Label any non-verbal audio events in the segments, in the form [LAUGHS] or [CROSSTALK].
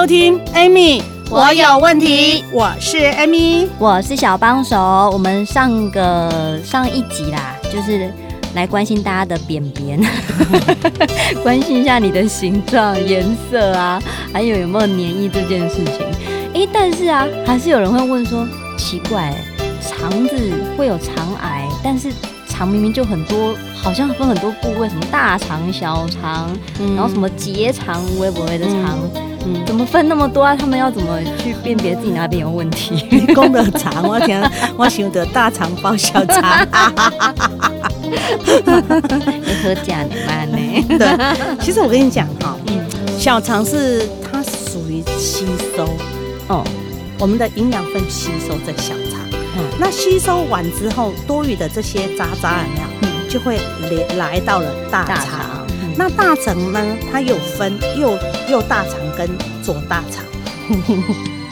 收聽 Amy，我有問題。我是 Amy，我是小幫手。我們上個上一集啦，就是來關心大家的便便， [LAUGHS] 關心一下你的形狀、顏色啊，還有有沒有黏液這件事情。哎、欸，但是啊，還是有人會問說，奇怪，腸子會有腸癌，但是腸明明就很多，好像分很多部位，什麼大腸、小腸，嗯、然後什麼結腸、微不微的腸。嗯嗯，怎麼分那麼多啊？他們要怎麼去辨別自己哪邊有問題？功能差，我聽我形容得大腸包小腸。哈哈哈！哈哈哈哈哈！你喝假的嗎？對。其實我跟你講哈，嗯，小腸是它屬於吸收哦，嗯、收哦我們的營養分吸收在小腸，嗯、那吸收完之後多餘的這些渣渣怎麼樣？嗯，就會來來到了大腸那大腸呢？它有分右右大腸跟左大腸，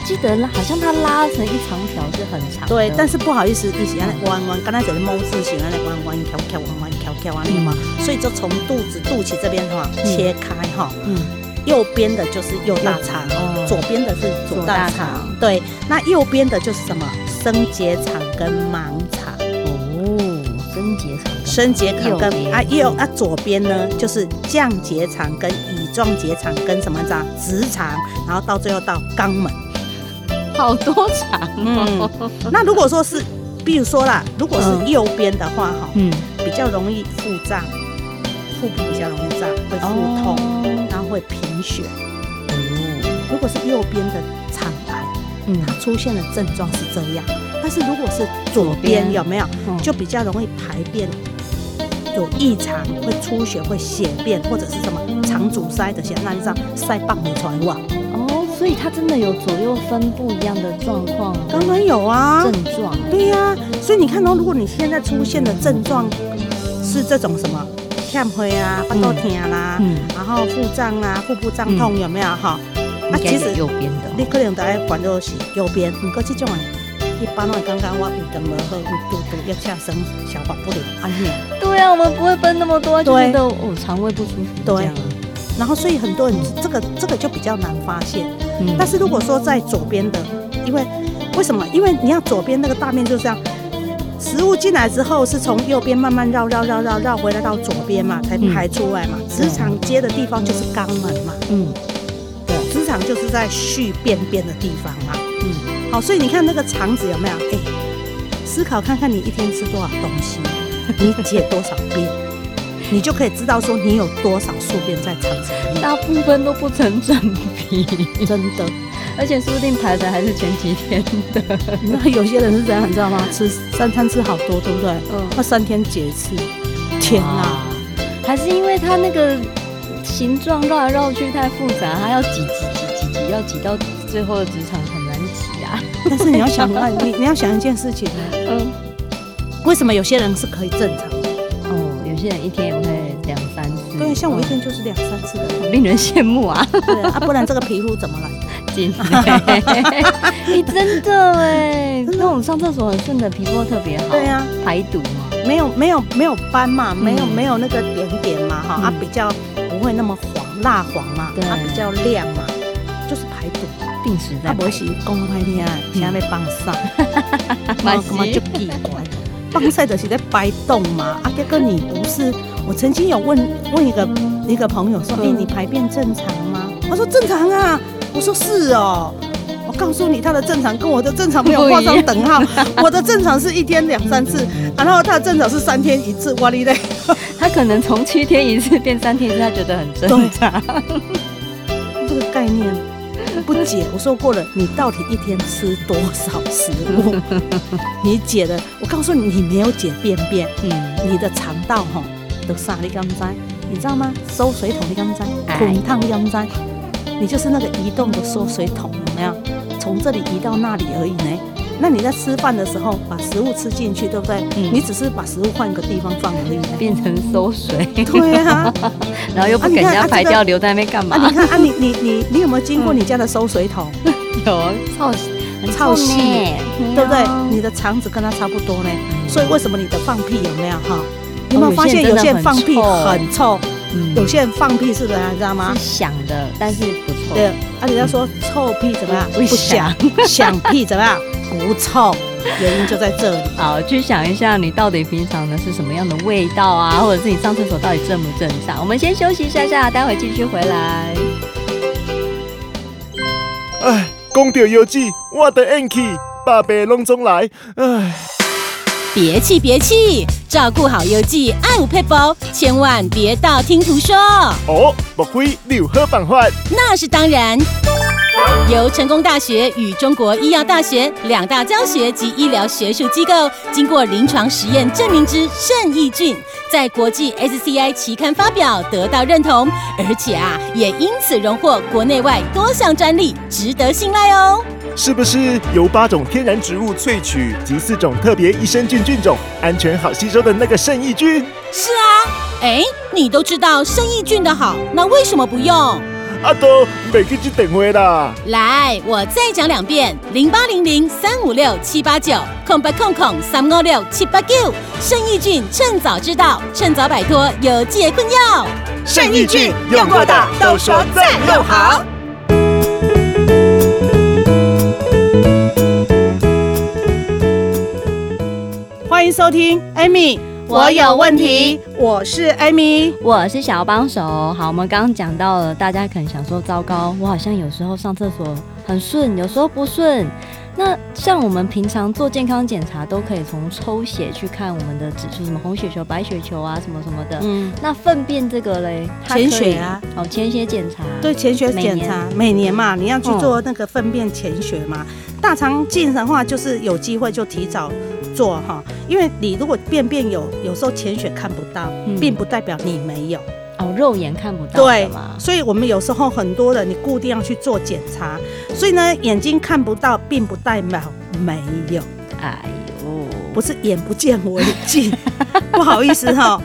記得呢，好像它拉成一長條是很長。對，但是不好意思，以前彎彎，剛才在摸自己，那裡彎彎條條彎彎翹翹，彎了嗎？所以就從肚子肚臍這邊哈切開哈，右邊的就是右大腸，左邊的是左大腸，對，那右邊的就是什麼？升結腸跟盲。升結腸，升結腸跟啊，右，啊，左邊呢，就是降結腸跟乙狀結腸跟什麼髒直腸，然後到最後到肛門，好多腸哦、嗯。那如果說是，比如說啦，如果是右邊的話哈，嗯，比較容易腹脹，腹部比較容易脹，會腹痛，然後會貧血。哦、如果是右邊的。它出現的症狀是這樣，但是如果是左邊有沒有，就比較容易排便有異常，會出血，會血便，或者是什麼腸阻塞的，血那一塞棒的狀況。哦，所以它真的有左右分布一樣的狀況。當然有啊，症狀。對呀、啊，所以你看到，喔，如果你現在出現的症狀是這種什麼，便灰啊、便漏停啊，然後腹脹啊、腹部脹痛有沒有哈？啊，其實你可能在關注是右邊，你過這種的，一般我們剛剛我胃疼不好，有堵堵、憋氣、消化不了對呀、啊，我們不會分那麼多，覺對的我腸、哦、胃不舒服對，然後所以很多人這個這個就比較難發現。嗯。但是如果說在左邊的，因為為什麼？因為你要左邊那個大面就是這樣，食物進來之後是從右邊慢慢繞繞繞繞繞回來到左邊嘛，才排出來嘛。直腸、嗯、接的地方就是肛門嘛。嗯。腸就是在蓄便便的地方嘛，嗯，好，所以你看那個腸子有沒有？哎，思考看看你一天吃多少東西，你解多少便，你就可以知道說你有多少宿便在腸子裡。大部分都不成正比，真的，而且說不定排的還是前幾天的。那 [LAUGHS] 有些人是怎樣，你知道嗎？ [LAUGHS] 吃三餐吃好多，對不對？嗯。那三天解一次。天哪！啊、還是因為它那個形狀繞來繞去太複雜，它要幾。擠。要擠到最後的直腸很難擠啊！但是你要想，你你要想一件事情呢， [LAUGHS] 嗯、為什麼有些人是可以正常的？哦，有些人一天也會兩三次。對，像我一天就是兩三次的，令、哦、人羨慕啊！對啊，不然這個皮膚怎麼來真？真的，你真的哎，那我上廁所很順的，皮膚特別好。對啊，排毒嘛，啊、沒有沒有沒有斑嘛，沒有、嗯、沒有那個點點嘛，哈、嗯，它、啊、比較不會那麼黃蠟黃嘛，它、啊、比較亮嘛。在啊、定時，他不會講公聽，請你放屎。哈哈哈哈哈！沒事，放屎就是在掰動嘛。哥、啊、跟你不是，我曾經有問問一個一個朋友說：“哎對，你排便正常嗎？”他說：“正常啊。”我說：“是哦、喔。”我告訴你，他的正常跟我的正常沒有畫上等號。一 [LAUGHS] 我的正常是一天兩三次， [LAUGHS] 然後他的正常是三天一次。哇哩嘞， [LAUGHS] 他可能從七天一次變三天，他覺得很正常。總 [LAUGHS] 解，我說過了，你到底一天吃多少食物？ [LAUGHS] 你解的，我告訴你，你沒有解便便，嗯，你的腸道哈都沙，你鋼災？你知道嗎？收水桶的鋼災，滾燙的敢災，你就是那個移動的收水桶，有沒有？從這裡移到那裡而已呢？那你在吃飯的時候把食物吃進去，對不對？你只是把食物換個地方放回來，變成餿水。對啊，然後又不給人家排掉，留在那邊幹嘛？你看啊，你你你你有沒有經過你家的餿水桶？有，超臭，超臭，對不對？你的腸子跟它差不多呢。所以為什麼你的放屁有沒有哈？有沒有發現有些人放屁很臭？有些人放屁是的，你知道嗎？響的，但是不臭。對，而且要說臭屁怎麼樣？不響，響屁怎麼樣？不臭，原因就在這裡。 [LAUGHS] 好，去想一下，你到底平常的是什麼樣的味道啊？或者是你上廁所到底正不正常？我們先休息一下，下，下待會繼續回來。哎，講到幽記，我的運氣百病攏總來。哎，別氣別氣，照顧好幽記，愛護佩寶，千萬別道聽途說。哦，莫非你有何辦法？那是當然。由成功大學與中國醫藥大學兩大教學及醫療學術機構經過臨床實驗證明之聖益菌，在國際 SCI 期刊發表，得到認同，而且啊，也因此榮獲國內外多項專利，值得信賴哦。是不是由八種天然植物萃取及四種特別益生菌菌種，安全好吸收的那個聖益菌？是啊，誒，你都知道聖益菌的好，那為什麼不用？阿多，未、啊、去接電話啦。來，我再講兩遍：零八零零三五六七八九，空八空空三五六七八九。生意君趁早知道，趁早擺脫有解困藥。生意君用過的都說讚又好。歡迎收聽，Amy。我有問題，我是 AMY，我是小幫手。好，我們剛剛講到了，大家可能想說，糟糕，我好像有時候上廁所很順，有時候不順。那像我們平常做健康檢查，都可以從抽血去看我們的指數，什麼紅血球、白血球啊，什麼什麼的。嗯。那糞便這個嘞，潛血啊，哦，潛血檢查。對，潛血檢查每年，對每年嘛，你要去做那個糞便潛血嘛。嗯、大腸鏡的話，就是有機會就提早做哈，因為你如果便便有，有時候潛血看不到，嗯、並不代表你沒有。哦，肉眼看不到對。所以，我們有時候很多人你固定要去做檢查，所以呢，眼睛看不到並不代表沒有。哎呦，不是眼不見為淨，不好意思哈。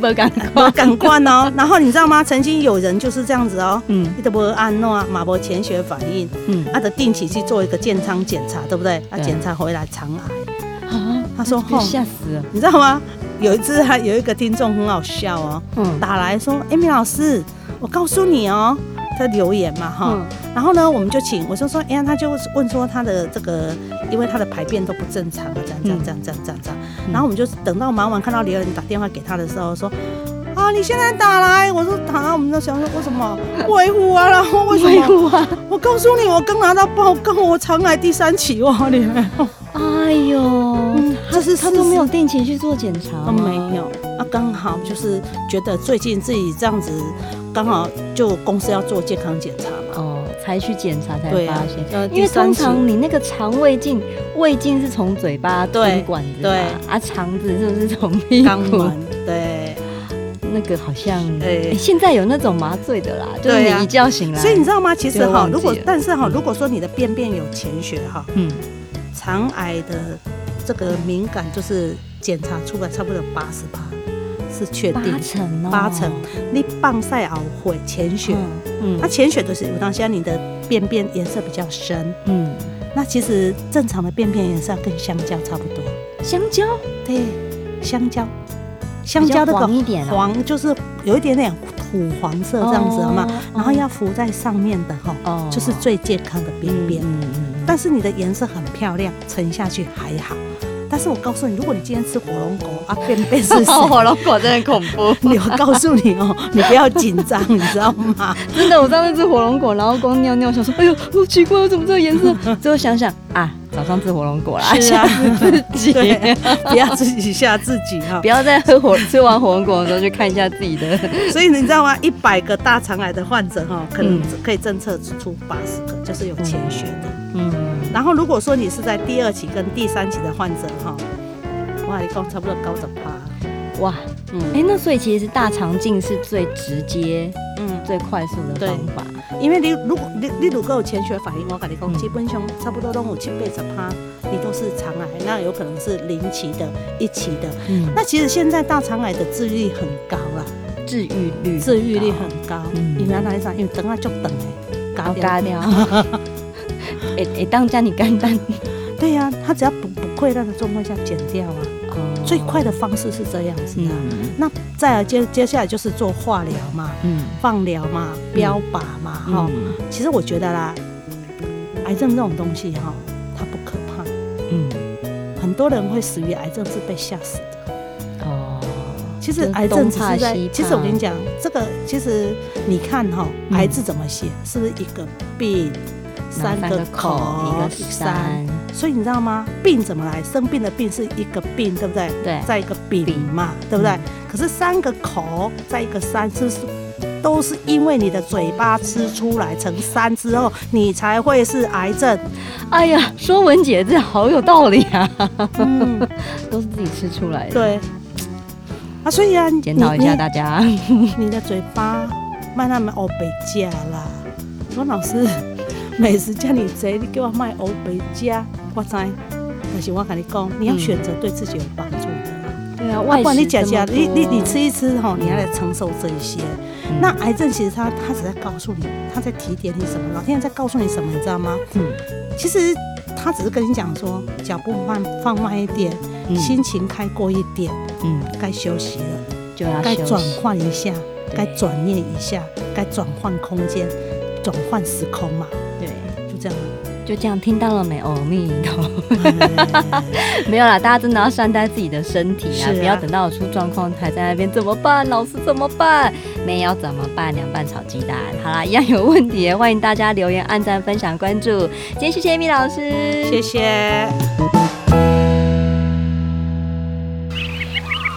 不敢，我敢灌哦。然後你知道嗎？曾經有人就是這樣子哦，嗯，他不安諾馬博潛血反應，嗯，他得定期去做一個健康檢查，對不對？他檢查回來腸癌，啊，他說嚇死了，你知道嗎？有一隻有一個聽眾很好笑哦，嗯、打來說，Amy、欸、老師，我告訴你哦，他留言嘛哈，嗯、然後呢，我們就請，我就說，哎、欸、呀，他就問說他的這個，因為他的排便都不正常啊，這樣這樣這樣、嗯、這樣，這樣，這，樣這樣，然後我們就等到忙完，看到留言打電話給他的時候，說，啊，你現在打來，我說打來、啊，我們都想說，為什麼維護啊，然後為什麼，維護啊，我告訴你，我剛拿到報告，我腸癌第三期，我你們、啊，哎呦。是他都沒有定期去做檢查、啊四四，都沒有。那剛好就是覺得最近自己這樣子，剛好就公司要做健康檢查嘛，哦，才去檢查才發現。啊、因為通常你那個腸胃鏡，胃鏡是從嘴巴穿管子嘛，對，對啊、腸子是不是，腸子就是從肛門。對，那個好像，哎對、欸，現在有那種麻醉的啦，對啊、就是你一覺醒來。所以你知道嗎？其實哈，如果但是哈，嗯、如果說你的便便有潛血哈，嗯，腸癌的。這個敏感就是檢查出來差不多八十八是確定八成八成。你棒曬熬會潛血，嗯，那潛血都是。有當先你的便便顏色比較深，嗯，那其實正常的便便顏色跟香蕉差不多。香蕉？對，香蕉，香蕉的黃一點黃就是有一點點土黃色這樣子好嗎？然後要浮在上面的就是最健康的便便。嗯嗯。但是你的顏色很漂亮，沉下去還好。但是我告訴你，如果你今天吃火龍果，啊，便便是什麼？ [LAUGHS] 火龍果真的恐怖！ [LAUGHS] 我告訴你哦，你不要緊張， [LAUGHS] 你知道嗎？真的，我上次吃火龍果，然後光尿尿，想說，哎呦，好、哦、奇怪，我怎麼這個顏色？ [LAUGHS] 最後想想啊。早上吃火龍果啦，嚇死、啊、自己！ [LAUGHS] 不要自己嚇自己哈， [LAUGHS] 不要再喝火，吃完火龍果的時候 [LAUGHS] 去看一下自己的。所以你知道嗎？一百個大腸癌的患者哈，可能可以偵測出八十個，就是有潛血的。嗯。嗯，然後如果說你是在第二期跟第三期的患者哈，哇，一共差不多高達八。哇，嗯，哎，那所以其實是大腸鏡是最直接，嗯。嗯最快速的方法對，因為你如果你你如果有潛血反應，我跟你講，嗯、基本上差不多都有七八十趴，你都是腸癌，那有可能是零期的、一期的。嗯、那其實現在大腸癌的治癒很，高，很高了，治癒率，治癒率很高。你要來里講？因為等下就等，搞掉掉。哎哎，當家你幹單？ [LAUGHS] 對呀、啊，他只要不不潰爛的狀況下，剪掉啊。最快的方式是這樣子的，嗯、那再而接接下來就是做化療嘛，嗯、放療嘛，標靶嘛，哈、嗯。其實我覺得啦，癌症這種東西哈，它不可怕。嗯。很多人會死於癌症是被嚇死的。哦。其實癌症只是在，擦擦其實我跟你講，這個其實你看哈，嗯、癌字怎麼寫？是不是一個病，三個口，一個山。三所以你知道嗎？病怎麼來？生病的病是一個病，對不對？對，再一個丙嘛，對不對？嗯、可是三個口再一個山，是不是都是因為你的嘴巴吃出來成山之後，你才會是癌症。哎呀，說文解字這好有道理啊！嗯、都是自己吃出來的。對。啊，所以啊，檢討一下大家。你，你的嘴巴賣那麼歐貝家啦？我說老師，美食叫你誰？你給我賣歐貝家？我知，但、就是我跟你講，你要選擇對自己有幫助的、嗯。對啊，萬、啊、不管你講吃，吃，啊、你你你吃一吃吼，你還得承受這些。嗯、那癌症其實它它只在告訴你，它在提點你什麼？老天在告訴你什麼？你知道嗎？嗯，嗯。其實他只是跟你講說，腳步慢放慢一點，嗯、心情開闊一點。嗯。該休息了，就要休息。該轉換一下，該轉念一下，該轉換空間，轉換時空嘛。就這樣，聽到了沒？哦彌頭沒有啦，大家真的要善待自己的身體啊！是啊，不要等到我出狀況才在那邊怎麼辦？老師怎麼辦？沒有怎麼辦？涼拌炒雞蛋。好啦，一樣有問題，歡迎大家留言、按讚、分享、關注。今天謝謝米老師，謝謝。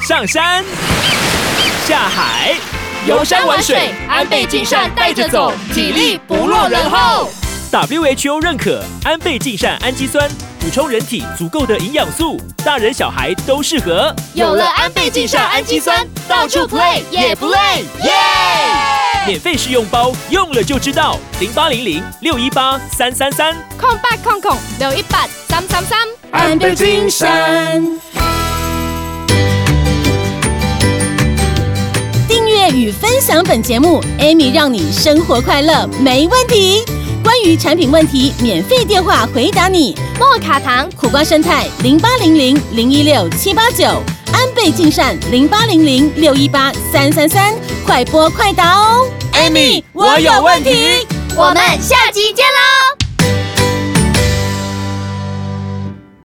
上山下海，遊山玩水，玩水安倍晉善，帶着走，體力不落人後。WHO 認可安倍晉善氨基酸補充人體足夠的營養素，大人小孩都適合。有了安倍晉善氨基酸，到處 play 也不累。耶！免費試用包，用了就知道。零八零零六一八三三三，空八空空六一八三三三。安倍晉善。訂閱與分享本節目，Amy 讓你生活快樂，沒問題。關於產品問題，免費電話回答你。莫卡糖、苦瓜生態、生菜，零八零零零一六七八九。89，安倍晉善，零八零零六一八三三三。3，快播快答哦，艾米，我有問題。我們下集見嘍。